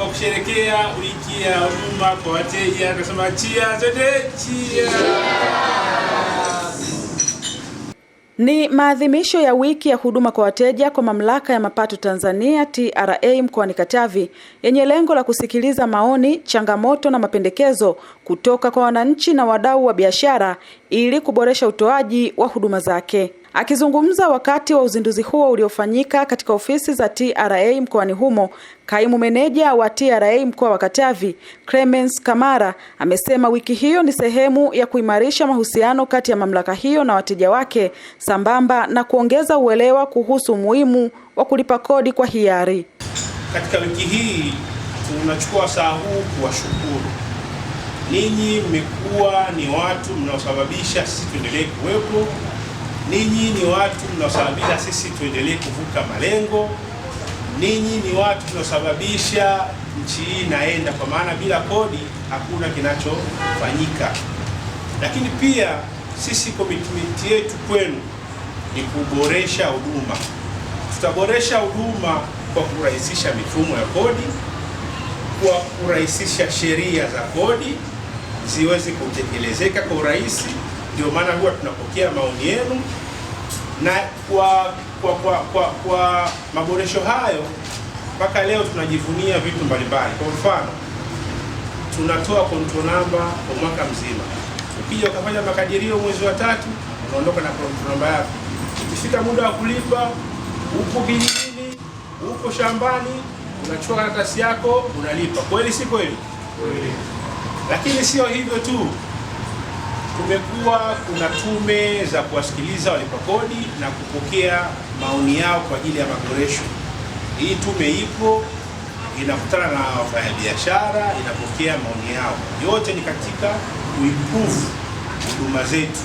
Kwa kusherekea wiki ya huduma kwa wateja, akasema chia zote chia. Ni maadhimisho ya wiki ya huduma kwa wateja kwa Mamlaka ya Mapato Tanzania TRA mkoani Katavi yenye lengo la kusikiliza maoni, changamoto na mapendekezo kutoka kwa wananchi na wadau wa biashara ili kuboresha utoaji wa huduma zake. Akizungumza wakati wa uzinduzi huo uliofanyika katika ofisi za TRA mkoani humo, kaimu meneja wa TRA mkoa wa Katavi, Clemens Kamara, amesema wiki hiyo ni sehemu ya kuimarisha mahusiano kati ya mamlaka hiyo na wateja wake sambamba na kuongeza uelewa kuhusu umuhimu wa kulipa kodi kwa hiari. Katika wiki hii tunachukua saa huu kuwashukuru ninyi, mmekuwa ni watu mnaosababisha sisi tuendelee kuwepo Ninyi ni watu mnaosababisha sisi tuendelee kuvuka malengo. Ninyi ni watu mnaosababisha nchi hii inaenda, kwa maana bila kodi hakuna kinachofanyika. Lakini pia sisi commitment yetu kwenu ni kuboresha huduma. Tutaboresha huduma kwa kurahisisha mifumo ya kodi, kwa kurahisisha sheria za kodi ziweze kutekelezeka kwa urahisi. Ndio maana huwa tunapokea maoni yenu na kwa kwa kwa, kwa, kwa maboresho hayo mpaka leo tunajivunia vitu mbalimbali. Kwa mfano, tunatoa control number kwa mwaka mzima. Ukija ukafanya makadirio mwezi wa tatu, unaondoka na control number yako. Ukifika muda wa kulipa, huko kijijini, huko shambani, unachukua karatasi yako unalipa. Kweli si kweli? Kweli. Lakini sio hivyo tu kumekuwa kuna tume za kuwasikiliza walipa kodi na kupokea maoni yao kwa ajili ya maboresho. Hii tume ipo inakutana na wafanyabiashara, inapokea maoni yao, yote ni katika kuimprove huduma zetu.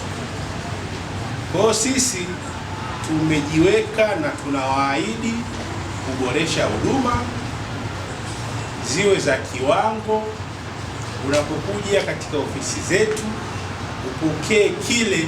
Kwa hiyo sisi tumejiweka na tunawaahidi kuboresha huduma ziwe za kiwango unapokuja katika ofisi zetu upokee kile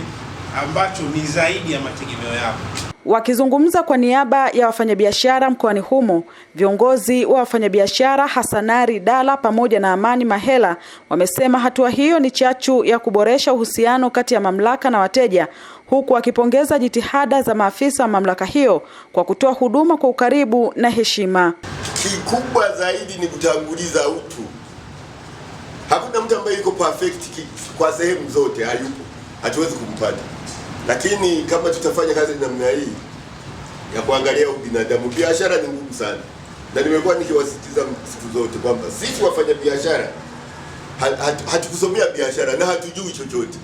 ambacho ni zaidi ya mategemeo yako. Wakizungumza kwa niaba ya wafanyabiashara mkoani humo, viongozi wa wafanyabiashara hasanari Dala pamoja na Amani Mahela wamesema hatua hiyo ni chachu ya kuboresha uhusiano kati ya mamlaka na wateja, huku wakipongeza jitihada za maafisa wa mamlaka hiyo kwa kutoa huduma kwa ukaribu na heshima. Kikubwa zaidi ni kutanguliza utu hakuna mtu ambaye yuko perfect kwa sehemu zote, hayupo, hatuwezi kumpata. Lakini kama tutafanya kazi namna hii ya kuangalia ubinadamu, biashara ni ngumu sana, na nimekuwa nikiwasitiza siku zote kwamba sisi wafanya biashara hatukusomea hatu biashara na hatujui chochote.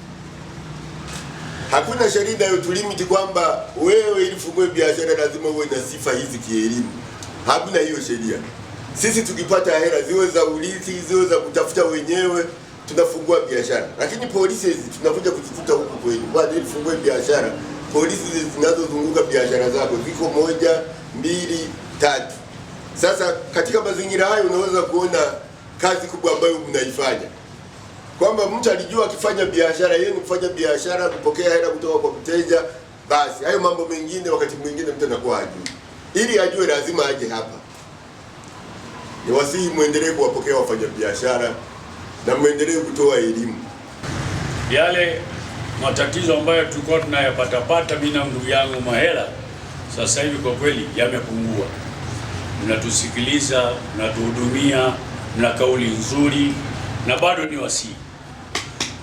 Hakuna sheria inayotulimiti kwamba wewe ili ufungue biashara lazima uwe na sifa hizi kielimu. Hakuna hiyo sheria. Sisi tukipata hela ziwe za ulizi, ziwe za kutafuta wenyewe, tunafungua biashara. Lakini polisi hizi tunakuja kujikuta huku kweli, bado tufungue biashara. Polisi zinazozunguka biashara zako ziko moja, mbili, tatu. Sasa katika mazingira hayo unaweza kuona kazi kubwa ambayo mnaifanya kwamba mtu alijua akifanya biashara yeye ni kufanya biashara, kupokea hela kutoka kwa mteja, basi hayo mambo mengine wakati mwingine mtu anakuwa hajui. Ili ajue lazima aje hapa ni wasihi mwendelee kuwapokea wafanyabiashara na mwendelee kutoa elimu. Yale matatizo ambayo tulikuwa tunayapatapata mimi na ndugu yangu Mahela, sasa hivi kwa kweli yamepungua. Mnatusikiliza, mnatuhudumia, mna kauli nzuri, na bado ni wasihi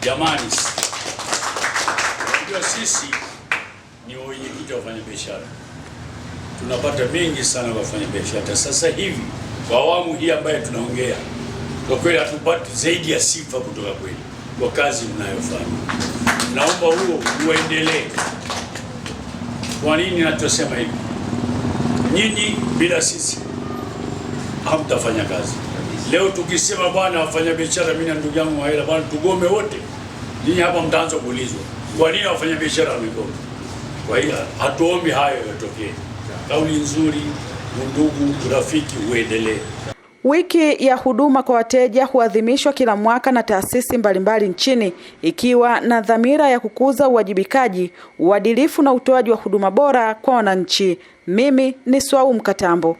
jamani, ndio sisi ni wenyekiti wafanya wafanyabiashara tunapata mengi sana biashara sasa hivi kwa awamu hii ambaye tunaongea, kwa kweli hatupati zaidi ya sifa kutoka kwenu kwa kazi mnayofanya. Naomba huo uendelee. Kwa nini nachosema hivi? Nyinyi bila sisi hamtafanya kazi. Leo tukisema bwana, biashara, mimi na ndugu yangu Mahela, bwana tugome wote, nyinyi hapa mtaanza kuulizwa kwa nini biashara wamegoma. Kwa hiyo hatuombi hayo yatokee. Kauli nzuri undugu, urafiki uendelee. Wiki ya huduma kwa wateja huadhimishwa kila mwaka na taasisi mbalimbali nchini ikiwa na dhamira ya kukuza uwajibikaji, uadilifu na utoaji wa huduma bora kwa wananchi. Mimi ni Swau Mkatambo.